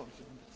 Dobře.